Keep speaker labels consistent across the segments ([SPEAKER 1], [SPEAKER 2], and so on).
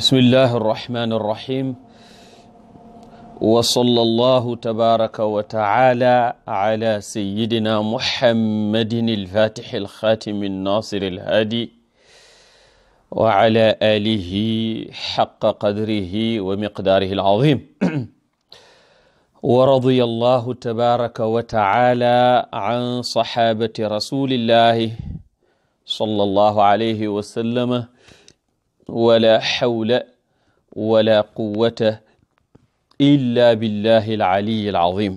[SPEAKER 1] bismillahi arrahmani arrahim wa sallallahu tabaraka wa taala ala sayidina muhammadin alfatixi alxatimi annasir alhaadi wa ala alihi xaqa qadrihi wa miqdaarihi alazim wa radiya allahu tabaraka wa taala an saxaabati rasulillahi sallallahu alayhi wa sallama wala hawla wala quwwata illa billahi al-aliyi al-azim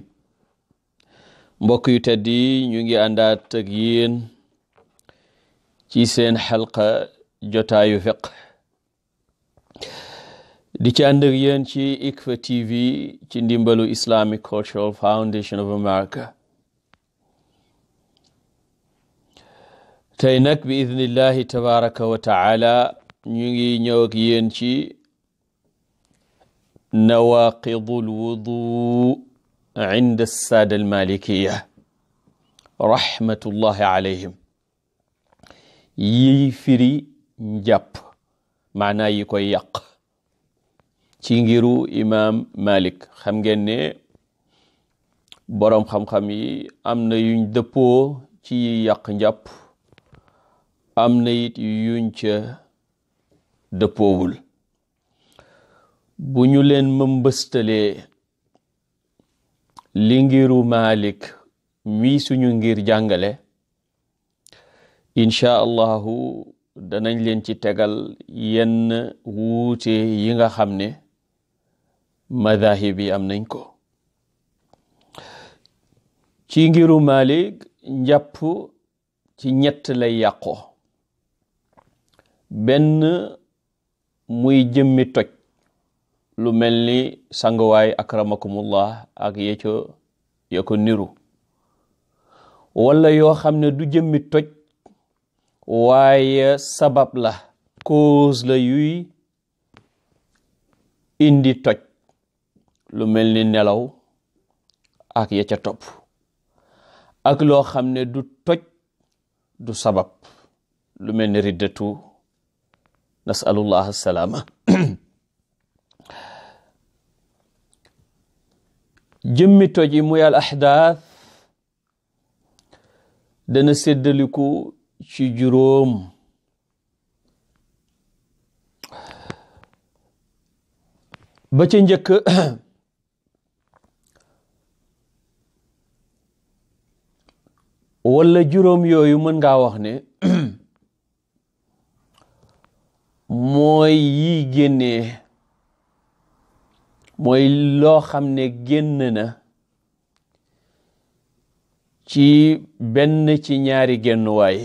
[SPEAKER 1] mbokk yu tedd yi ñu ngi àndaat ak ci seen xalqa jotaayu fiqh di ci ànd ak ci ICFA TV ci ndimbalu Islamic Cultural Foundation of America tey bi idnillahi tabaraka wa taala ñu ngi ñëw ak yéen ci nawaqidul wudu inda saada almalikiya rahmatullahi yi firi njàpp maanaa yi koy yàq ci ngiru imam malik xam ngeen ne boroom xam yi am na yuñ dëppoo ci yàq njàpp am na it yuñ ca dëppoowul bu ñu leen mëmbëstalee li ngiru Malik mii suñu ngir jàngale incha allahu danañ leen ci tegal yenn wuute yi nga xam ne madahib yi am nañ ko ci ngiru Malik njàpp ci ñett lay yàqoo benn muy jëmmi toj lu mel ni sanguwaay akramakumullah ak ya ca niru wala yoo xam ne du jëmmi toj waaye sabab la cause la yuy indi toj lu mel ni nelaw ak ya ca topp ak loo xam ne du toj du sabab lu mel ni riddatu nasalullah salaama jëmmi toj yi muy dana séddaliku ci juróom ba ca njëkk wala juróom yooyu mën ngaa wax ne mooy yii génnee mooy loo xam ne génn na ci benn ci ñaari génnuwaay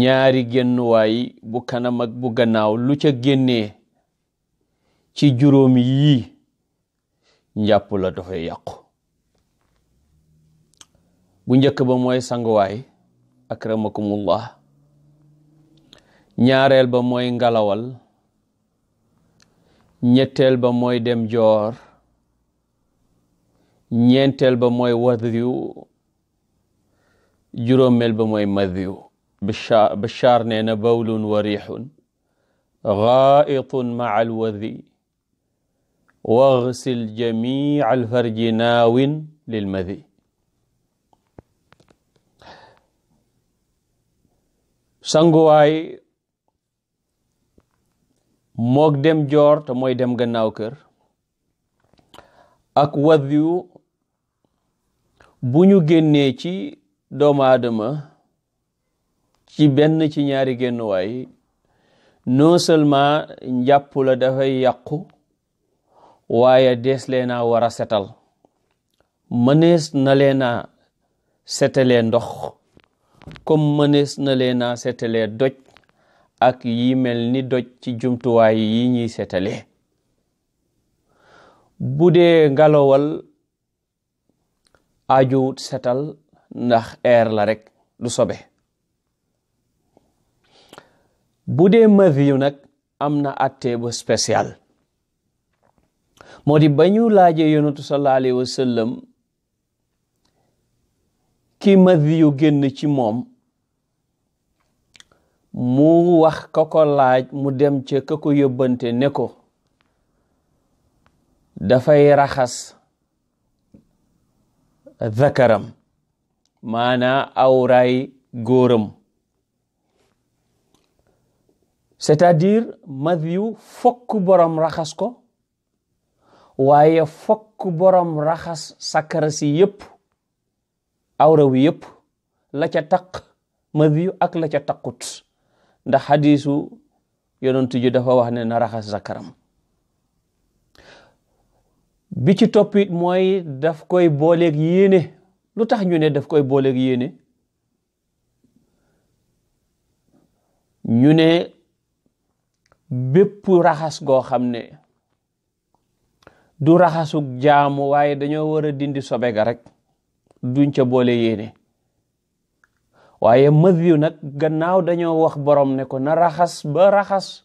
[SPEAKER 1] ñaari génnuwaay bu kanam bu gannaaw lu ca génnee ci juróom yii njàpp la dafay yàqu bu njëkk ba mooy sanguwaay akramakumullah ñaareel ba mooy ngalawal ñetteel ba mooy dem joor ñeenteel ba mooy wadriw juróomeel ba mooy madhiw Bachar nee na bawlun wa riixun gaaitun maa alwadhi waxsil jamii alfarji naawin lilmadhi sanguwaay mook dem joor te mooy dem gannaaw kër ak wadiyu bu ñu génnee ci doomu ci benn ci ñaari génnuwaay non seulement njàpp la dafay yàqu waaye dees leena war a setal mënees na leena setalee ndox comme mënees na leena setalee doj ak yi mel ni doj ci jumtuwaay yi ñuy seetale bu dee ngalawal ajuwut setal ndax air la rekk du sobe bu dee maviyu nag am na atte bu spécial moo di ba ñu laajee yonentu sallallahu alayhi wa ki maviyu génn ci moom mu wax ka ko laaj mu dem ca ka ko yóbbante ne ko dafay raxas zakaram maanaa awraay góoram c'est-à-dire madyu fokk borom raxas ko waaye fokk borom raxas sakara si yépp awra wi yépp la ca taq madyu ak la ca taqut ndax xadiisu yonent ji dafa wax ne na raxas zakaram bi ci toppit mooy daf koy booleeg yéene lu tax ñu ne daf koy booleeg yéene ñu ne bépp raxas goo xam ne du raxasug jaamu waaye dañoo war a dindi sobe ga rek duñ ca boole yéene waaye Mathieu nag gannaaw dañoo wax borom ne ko na raxas ba raxas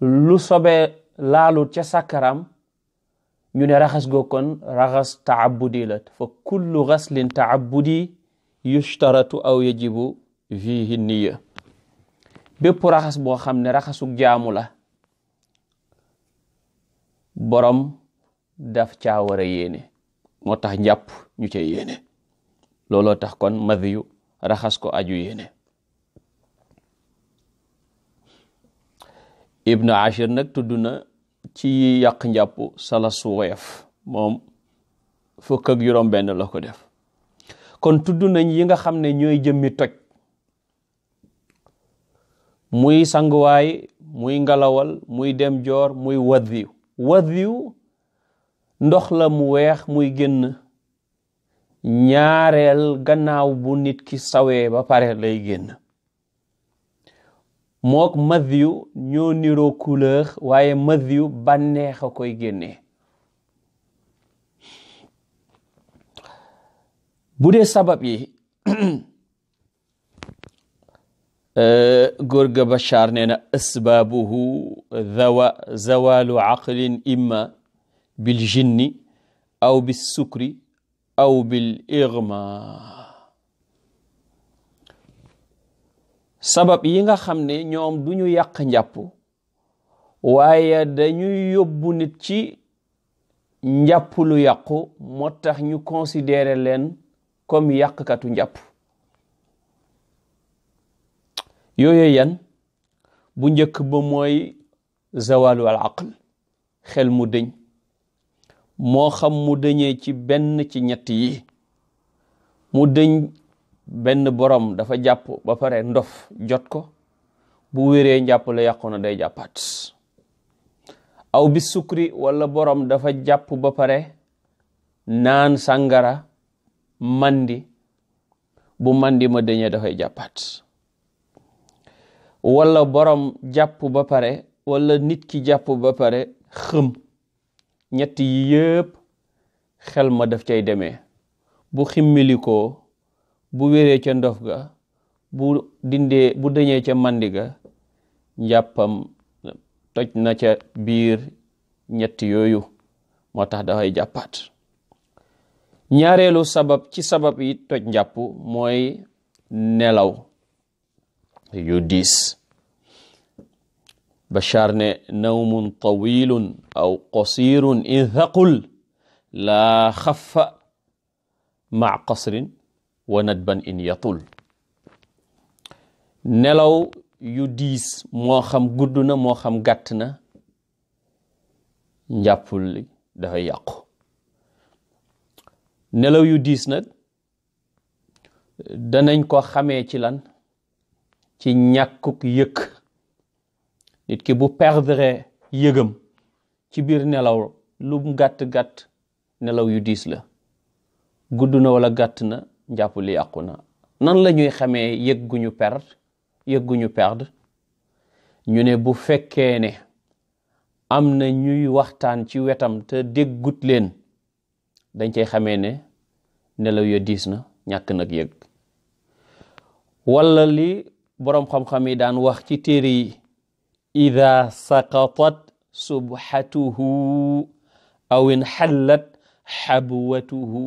[SPEAKER 1] lu sobe laalu ca sàkkaram ñu ne raxas go kon raxas taabudi la fa kullu xaslin taabudi yushtaratu aw yajibu fihi niya bépp raxas boo xam ne raxasu jaamu la borom daf caa war a yéene moo tax njàpp ñu ca yéene looloo tax kon Mathieu raxas ko aju yéene ibnu ashir nag tudd na ci yàq njàpp sala suweef moom fukk ak juróom benn la ko def kon tudd nañ yi nga xam ne ñooy jëmmi toj muy sanguwaay muy ngalawal muy dem joor muy waddiw waddiw ndox la mu weex muy génn ñaareel gannaaw bu nit ki sawee ba pare lay génn mook madhiyu ñoo niroo couleur waaye madhiyu bànneex koy génnee bu dee sabab yi euh, góor ga Bachar nee na asbaabuhu zawa zawalu aqlin imma bil jinni aw bis sukri aw bil igma sabab yi nga xam ne ñoom ñu yàq njàpp waaye dañuy yóbbu nit ci njàpp lu yàqu moo tax ñu considérer leen comme yàqkatu njàpp yooyu yan bu njëkk ba mooy zawalu al aql xel mu dëñ moo xam mu dëñee ci benn ci ñett yi mu dëñ benn borom dafa jàpp ba pare ndof jot ko bu wéree jàpp la yàqu na day jàppaat aw bi sukri wala borom dafa jàpp ba pare naan sàngara mandi bu mandi ma dëñee dafay jàppaat wala borom jàpp ba pare walla nit ki jàpp ba pare xëm ñett yi yëpp xel ma daf cay deme bu ximmilikoo bu wéree ca ndof ga bu dindee bu dëñee ca màndi ga njàppam toj na ca biir ñett yooyu moo tax dafay jàppaat ñaareelu sabab ci sabab yi toj njàpp mooy nelaw yu diis Bashar ne nawmun tawilun aw qasirun in thaqul laa xafa maa qasrin wa nadban in yatul nelaw yu diis moo xam gudd na moo xam gàtt na njàppul li dafay yàqu nelaw yu diis nag danañ ko xamee ci lan ci ñàkkuk yëkk nit ki bu perdre yëgam ci biir nelaw lu mu gàtt-gàtt nelaw yu diis la gudd na wala gàtt na njàpp li yàqu na nan lañuy xamee yëg gu ñu perdre yëg gu ñu perdre ñu ne bu fekkee ne am na ñuy waxtaan ci wetam te déggut leen dañ cay xamee ne nelaw ya diis na ñàkk nag yëg wala li boroom xam-xam yi daan wax ci téere yi ida saqatat subhatuhu aw inxallat xabwatuhu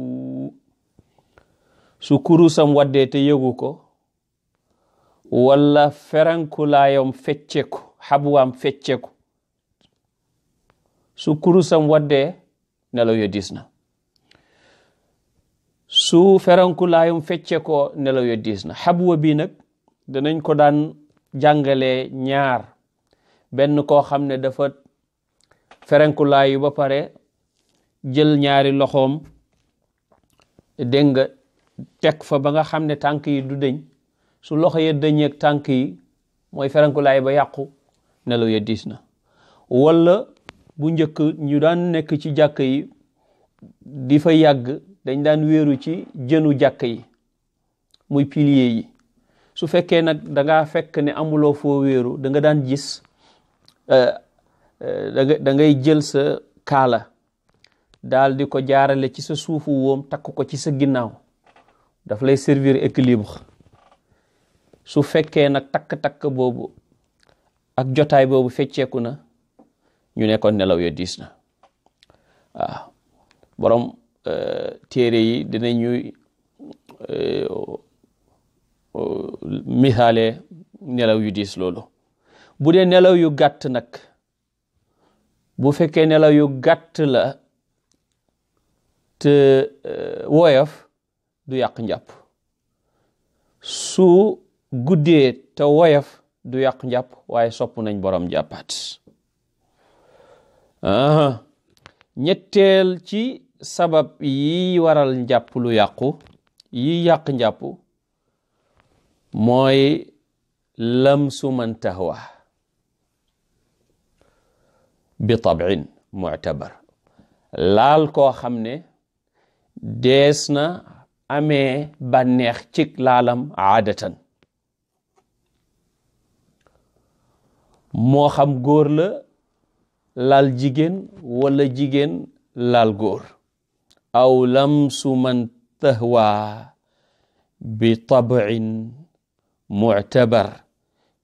[SPEAKER 1] su kurusam waddee te yëgu ko walla ferankulaayam fecceku xabwaam su kurusam wadde nelaw yo diis na su ferankulaayam feccekoo nelaw yo diis na xabwa bi nag danañ ko daan jàngalee ñaar benn koo xam ne dafa ferenkulaayu ba pare jël ñaari loxoom dégg nga teg fa ba nga xam ne tànk yi du dëñ su loxo ya dëñeeg tànk yi mooy ferenkulaay ba yàqu nelaw ya diis na walla bu njëkk ñu daan nekk ci jàkk yi di fa yàgg dañ daan wéeru ci jënu jàkk yi muy pilier yi su fekkee nag danga fekk ne amuloo foo wéeru da daan gis Eh, eh, da ngay jël sa kaala daal di ko jaarale ci sa suufu woom takk ko ci sa ginnaaw daf lay servir équilibre su fekkee nag takk-takk boobu ak jotaay boobu fecceeku na ñu nekkoon nelaw yu diis na waaw borom eh, téere yi dina ñuy misaale nelaw yu diis loolu bu dee nelaw yu gàtt nag bu fekkee nelaw yu gàtt la te euh, woyof du yàq njàpp su guddee te woyof du yàq njàpp waaye sopp nañ borom jàppaat ñetteel ci sabab yi waral njàpp lu yàqu yi yàq njàpp mooy lamsu man tahwa bi tabin mu'tabar laal koo xam ne dees na amee bànneex cig laalam aadatan moo xam góor la laal jigéen wala jigéen laal góor aw lamsu man tahwa bi tabin mu'tabar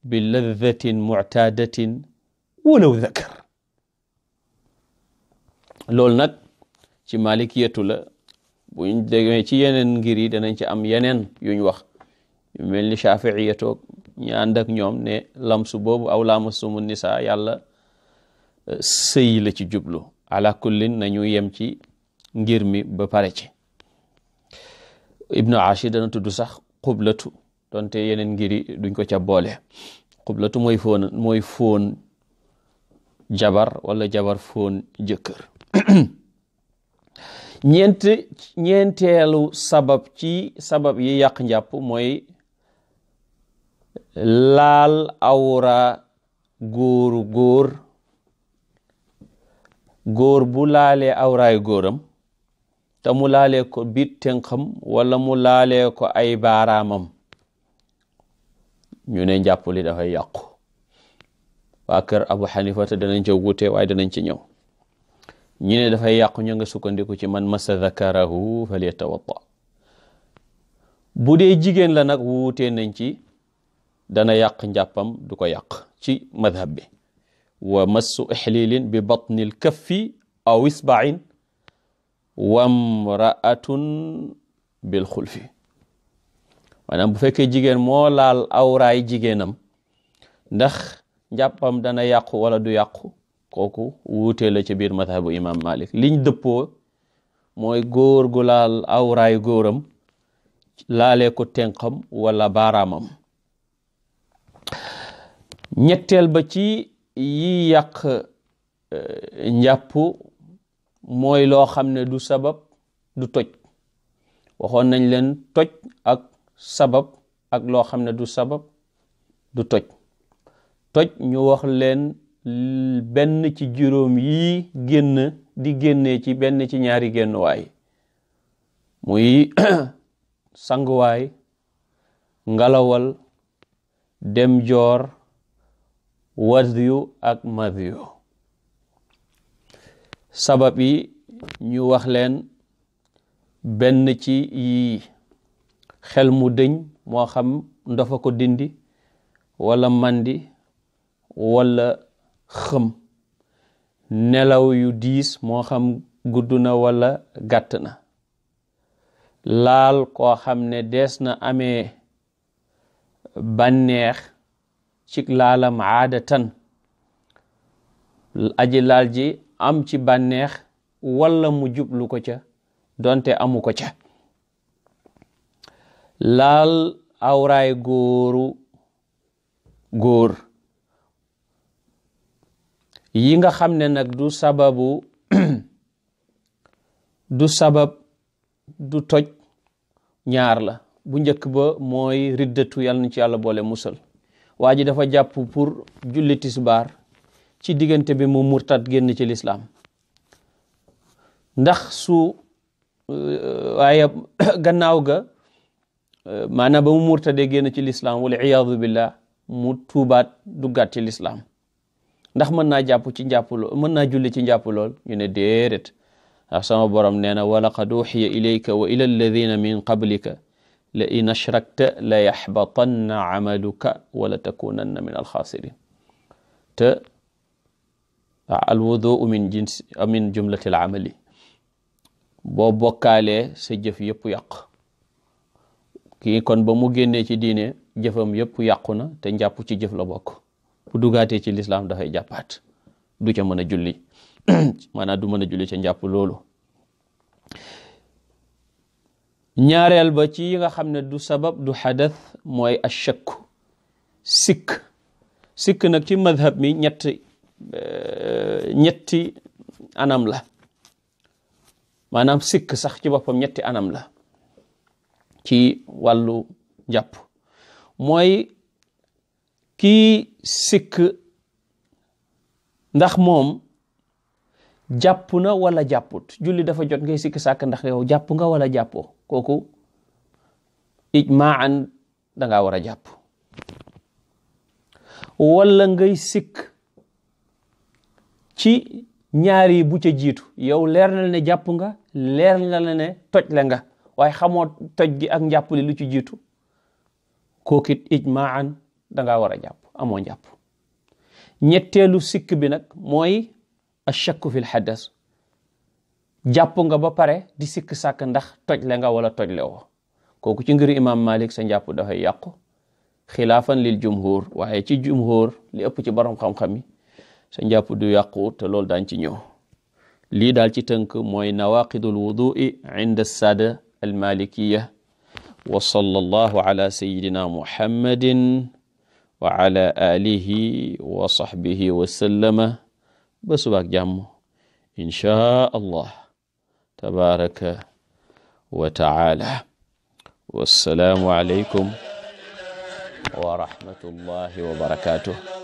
[SPEAKER 1] bi ladhatin mu'tadatin walaw dhakar loolu nag ci malik yetu la buñ déggee ci yeneen ngir yi danañ ci am yeneen yuñ wax yu mel ni shafiiyatoog ñu ànd ak ñoom ne lamsu boobu aw laamasumu nisaa yàlla euh, sëy la ci jublu ala kullin nañu yem ci ngir mi ba pare ci ibnu ashi dana tudd sax xublatu donte yeneen ngiri duñ ko ca boole xublatu mooy mooy foon jabar wala jabar foon jëkkër ñeent ñeenteelu sabab ci sabab yi yàq njàpp mooy laal awra góoru góor góor bu laalee awraay góoram te mu laale ko biit tënkam wala mu laale ko ay baaraamam ñu ne njàpp li dafay yàqu waa kër Abu Xanifa te danañ ca wute waaye danañ ci ñëw ñu ne dafay yàqu ña nga sukkandiku ci man massa zakarahu falyatawadda bu dee jigéen la nag wuutee nañ ci dana yàq njàppam du ko yàq ci madhab bi wa massu ixlilin bi batnil kaffi aw isbain wa mraatun bil xulfi maanaam bu fekkee jigéen moo laal awraay jigéenam ndax njàppam dana yàqu wala du yàqu kooku wuutee la biir madhabu imam malik liñ dëppoo mooy góor gu laal awraay góoram laale ko tenqam walla baaraamam ñetteel ba ci yi yàq eh, njàpp mooy loo xam ne du sabab du toj waxoon nañ leen toj ak sabab ak loo xam ne du sabab du toj toj ñu wax leen benn ci juróom yi génn di génnee ci benn ci ñaari génnuwaay muy sanguwaay ngalawal dem joor wadyu ak madyu sabab yi ñu wax leen benn ci yi xel mu dëñ moo xam ndofa ko dindi wala mandi wala xëm nelaw yu diis moo xam gudd na wala gàtt na laal koo xam ne dees na amee bànneex ci laalam aadatan aji laal ji am ci bànneex wala mu jublu ko ca donte amu ko ca laal awraay góoru góor yi nga xam ne nag du sababu du sabab du toj ñaar la bu njëkk ba mooy riddatu yàlla na ci yàlla boole musal waa ji dafa jàpp pour julli tisbaar ci diggante bi mu murtat génn ci lislaam ndax su euh, waaye gannaaw ga euh, maanaam ba mu murtadee génn ci lislaam wala iyaadu billah mu tuubaat duggaat ci lislaam ndax mën naa jàpp ci njàpp lool mën naa julli ci njàpp lool ñu ne déedéet sama borom nee na walaqad uxiya ilayka wa ila alladina min qablika la in ashrakta la yaxbatanna amaluka wala takunanna min alxaasirin te alwuduu min jinsi min jumlati alamali boo bokkaalee sa jëf yëpp yàq kii kon ba mu génnee ci diine jëfam yëpp yàqu na te njàpp ci jëf la bokk bu dugaatee ci lislaam dafay jàppaat du ca mën a julli maanaam du mën a julli ca njàpp loolu ñaareel ba ci yi nga xam ne du sabab du xadath mooy ashakku sikk sikk nag ci madhab mi ñetti eh, ñetti anam la maanaam sikk sax ci boppam ñetti anam la ci wàllu njàpp mooy kii sikk ndax moom jàpp na walla jàpp julli dafa jot ngay sikk sàkk ndax yow jàpp nga wala jàppoo kooku ijmaan dangaa war a jàpp wala ngay sikk ci ñaari bu ci jiitu yow leer na la ne jàpp nga leer na la ne toj nga waaye xamoo toj gi ak njàpp li lu ci jiitu kookit ijmaan dangaa war a jàpp amoo njàpp ñetteelu sikk bi nag mooy achakku fil xadas jàpp nga ba pare di sikk sàkk ndax le nga wala le woo kooku ci ngir imam malik sa njàpp dafay yàqu xilaafan lil jumhur waaye ci jumhur li ëpp ci borom xam-xam yi sa njàpp du yàqu te loolu daañ ci ñëw lii daal ci tënk mooy nawaqidul wudui inda sada almalikiya wa sallallahu ala sayidina muhammadin wa ala alihi wa sahbihi wa sallama ba subaak jàmm inchaa allah tabaraka wa taala wassalaamu aleykum wa rahmatullahi wa barakatuh